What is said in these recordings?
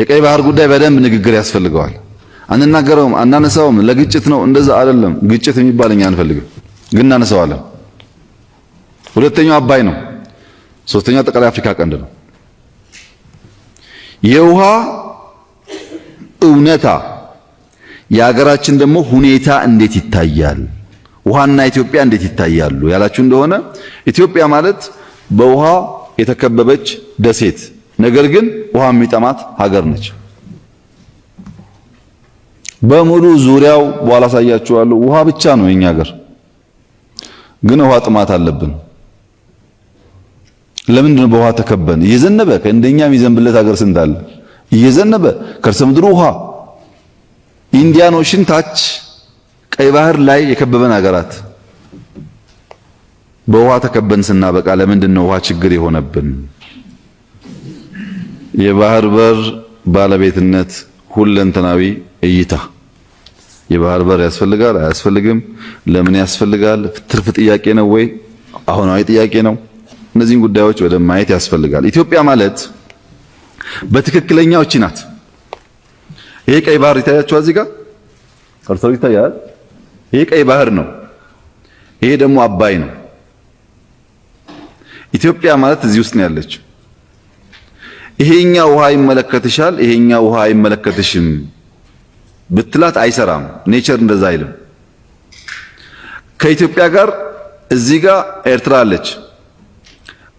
የቀይ ባህር ጉዳይ በደንብ ንግግር ያስፈልገዋል። አንናገረውም፣ አናነሳውም። ለግጭት ነው እንደዛ አይደለም። ግጭት የሚባል እኛ አንፈልግም፣ ግን እናነሳዋለን። ሁለተኛው አባይ ነው። ሶስተኛው አጠቃላይ አፍሪካ ቀንድ ነው። የውሃ እውነታ የሀገራችን ደግሞ ሁኔታ እንዴት ይታያል? ውሃና ኢትዮጵያ እንዴት ይታያሉ ያላችሁ እንደሆነ ኢትዮጵያ ማለት በውሃ የተከበበች ደሴት ነገር ግን ውሃ የሚጠማት ሀገር ነች። በሙሉ ዙሪያው በኋላ አሳያችኋለሁ። ውሃ ብቻ ነው የኛ ሀገር፣ ግን ውሃ ጥማት አለብን። ለምንድን ነው በውሃ ተከበን? እየዘነበ ከእንደኛ የሚዘንብለት ሀገር ስንት አለ? እየዘነበ ከርሰ ምድሩ ውሃ ኢንዲያን ኦሽን ታች ቀይ ባህር ላይ የከበበን ሀገራት በውሃ ተከበን ስናበቃ ለምንድን ነው ውሃ ችግር የሆነብን? የባህር በር ባለቤትነት ሁለንተናዊ እይታ የባህር በር ያስፈልጋል አያስፈልግም? ለምን ያስፈልጋል? ትርፍ ጥያቄ ነው ወይ አሁናዊ ጥያቄ ነው? እነዚህን ጉዳዮች ወደ ማየት ያስፈልጋል። ኢትዮጵያ ማለት በትክክለኛው እቺ ናት። ይሄ ቀይ ባህር ይታያችኋል፣ እዚህ ጋር ቀርቶ ይታያል። ይሄ ቀይ ባህር ነው። ይሄ ደግሞ አባይ ነው። ኢትዮጵያ ማለት እዚህ ውስጥ ነው ያለችው። ይሄኛ ውሃ ይመለከትሻል፣ ይሄኛ ውሃ አይመለከትሽም ብትላት አይሰራም። ኔቸር እንደዛ አይልም። ከኢትዮጵያ ጋር እዚህ ጋር ኤርትራ አለች።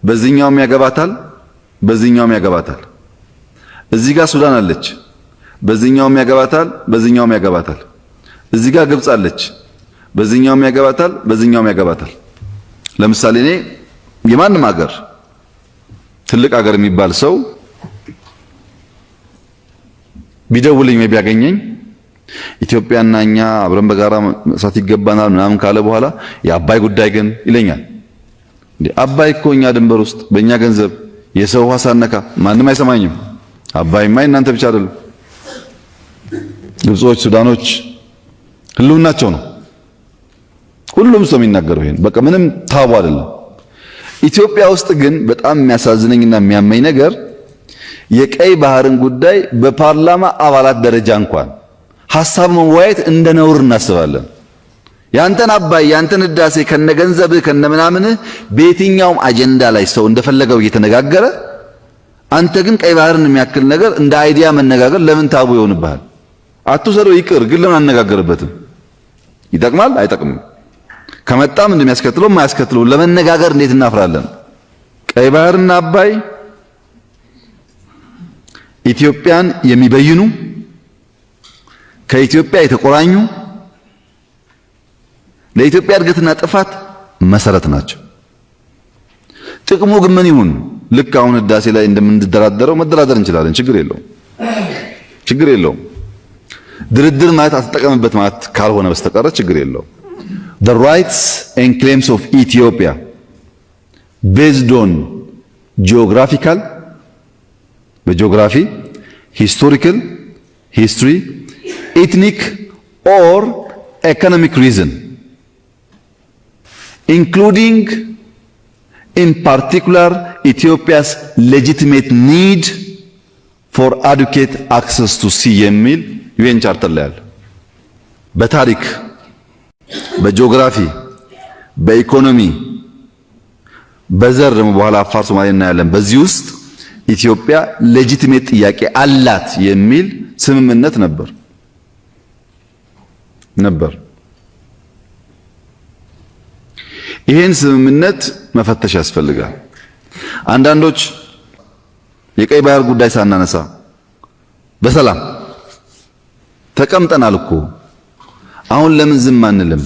በዚህኛውም ያገባታል፣ በዚህኛውም ያገባታል። እዚህ ጋር ሱዳን አለች። በዚህኛውም ያገባታል፣ በዚህኛውም ያገባታል። እዚህ ጋር ግብጽ አለች። በዚህኛውም ያገባታል፣ በዚህኛውም ያገባታል። ለምሳሌ እኔ የማንም ሀገር ትልቅ ሀገር የሚባል ሰው ቢደውልኝ ወይ ቢያገኘኝ ኢትዮጵያና እኛ አብረን በጋራ መስራት ይገባናል ምናምን ካለ በኋላ የአባይ ጉዳይ ግን ይለኛል። አባይ እኮ እኛ ድንበር ውስጥ በእኛ ገንዘብ የሰው ውሃ ሳነካ ማንም አይሰማኝም። አባይማ እናንተ ብቻ አይደለም፣ ግብጾች፣ ሱዳኖች ህልውናቸው ነው። ሁሉም ሰው የሚናገረው ይሄን በቃ ምንም ታቡ አይደለም። ኢትዮጵያ ውስጥ ግን በጣም የሚያሳዝነኝና የሚያመኝ ነገር የቀይ ባህርን ጉዳይ በፓርላማ አባላት ደረጃ እንኳን ሐሳብ መወያየት እንደ ነውር እናስባለን። ያንተን አባይ ያንተን ህዳሴ ከነ ገንዘብህ ከነ ምናምንህ በየትኛውም አጀንዳ ላይ ሰው እንደፈለገው እየተነጋገረ አንተ ግን ቀይ ባህርን የሚያክል ነገር እንደ አይዲያ መነጋገር ለምን ታቡ ይሆንብሃል? አትውሰደው ይቅር፣ ግን ለምን አነጋገርበትም? ይጠቅማል አይጠቅምም? ከመጣም እንደሚያስከትለው የማያስከትለው ለመነጋገር እንዴት እናፍራለን? ቀይ ባህርና አባይ ኢትዮጵያን የሚበይኑ ከኢትዮጵያ የተቆራኙ ለኢትዮጵያ እድገትና ጥፋት መሰረት ናቸው። ጥቅሙ ግን ምን ይሁን? ልክ አሁን ህዳሴ ላይ እንደምንደራደረው መደራደር እንችላለን። ችግር የለውም፣ ችግር የለውም። ድርድር ማለት አትጠቀምበት ማለት ካልሆነ በስተቀረ ችግር የለውም። the rights and claims of Ethiopia based on geographical በጂኦግራፊ ሂስቶሪካል ሂስትሪ ኤትኒክ ኦር ኢኮኖሚክ ሪዝን ኢንክሉዲንግ ኢን ፓርቲኩላር ኢትዮጵያስ ሌጂቲሜት ኒድ ፎር አዱኬት አክሰስ ቱ ሲ የሚል ዩኤን ቻርተር ላይ አለ። በታሪክ በጂኦግራፊ በኢኮኖሚ በዘር ደግሞ በኋላ አፋር ሶማሌ እናያለን። በዚህ ውስጥ ኢትዮጵያ ሌጂቲሜት ጥያቄ አላት የሚል ስምምነት ነበር ነበር። ይህን ስምምነት መፈተሽ ያስፈልጋል። አንዳንዶች የቀይ ባህር ጉዳይ ሳናነሳ በሰላም ተቀምጠናል እኮ አሁን ለምን ዝም አንልም?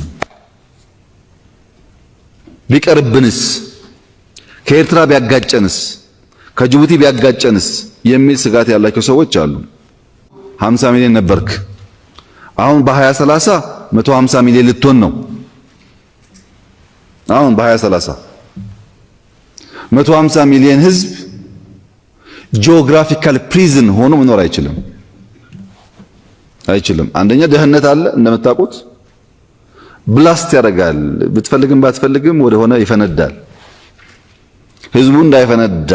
ቢቀርብንስ? ከኤርትራ ቢያጋጨንስ ከጅቡቲ ቢያጋጨንስ የሚል ስጋት ያላቸው ሰዎች አሉ። 50 ሚሊዮን ነበርክ፣ አሁን በ2030 150 ሚሊዮን ልትሆን ነው። አሁን በ2030 150 ሚሊዮን ህዝብ ጂኦግራፊካል ፕሪዝን ሆኖ መኖር አይችልም አይችልም። አንደኛ ደህንነት አለ እንደምታውቁት፣ ብላስት ያደርጋል። ብትፈልግም ባትፈልግም ወደሆነ ይፈነዳል። ህዝቡ እንዳይፈነዳ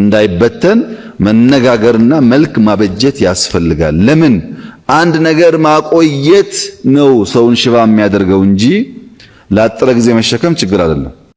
እንዳይበተን መነጋገርና መልክ ማበጀት ያስፈልጋል። ለምን አንድ ነገር ማቆየት ነው ሰውን ሽባ የሚያደርገው እንጂ ለአጥረ ጊዜ መሸከም ችግር አይደለም።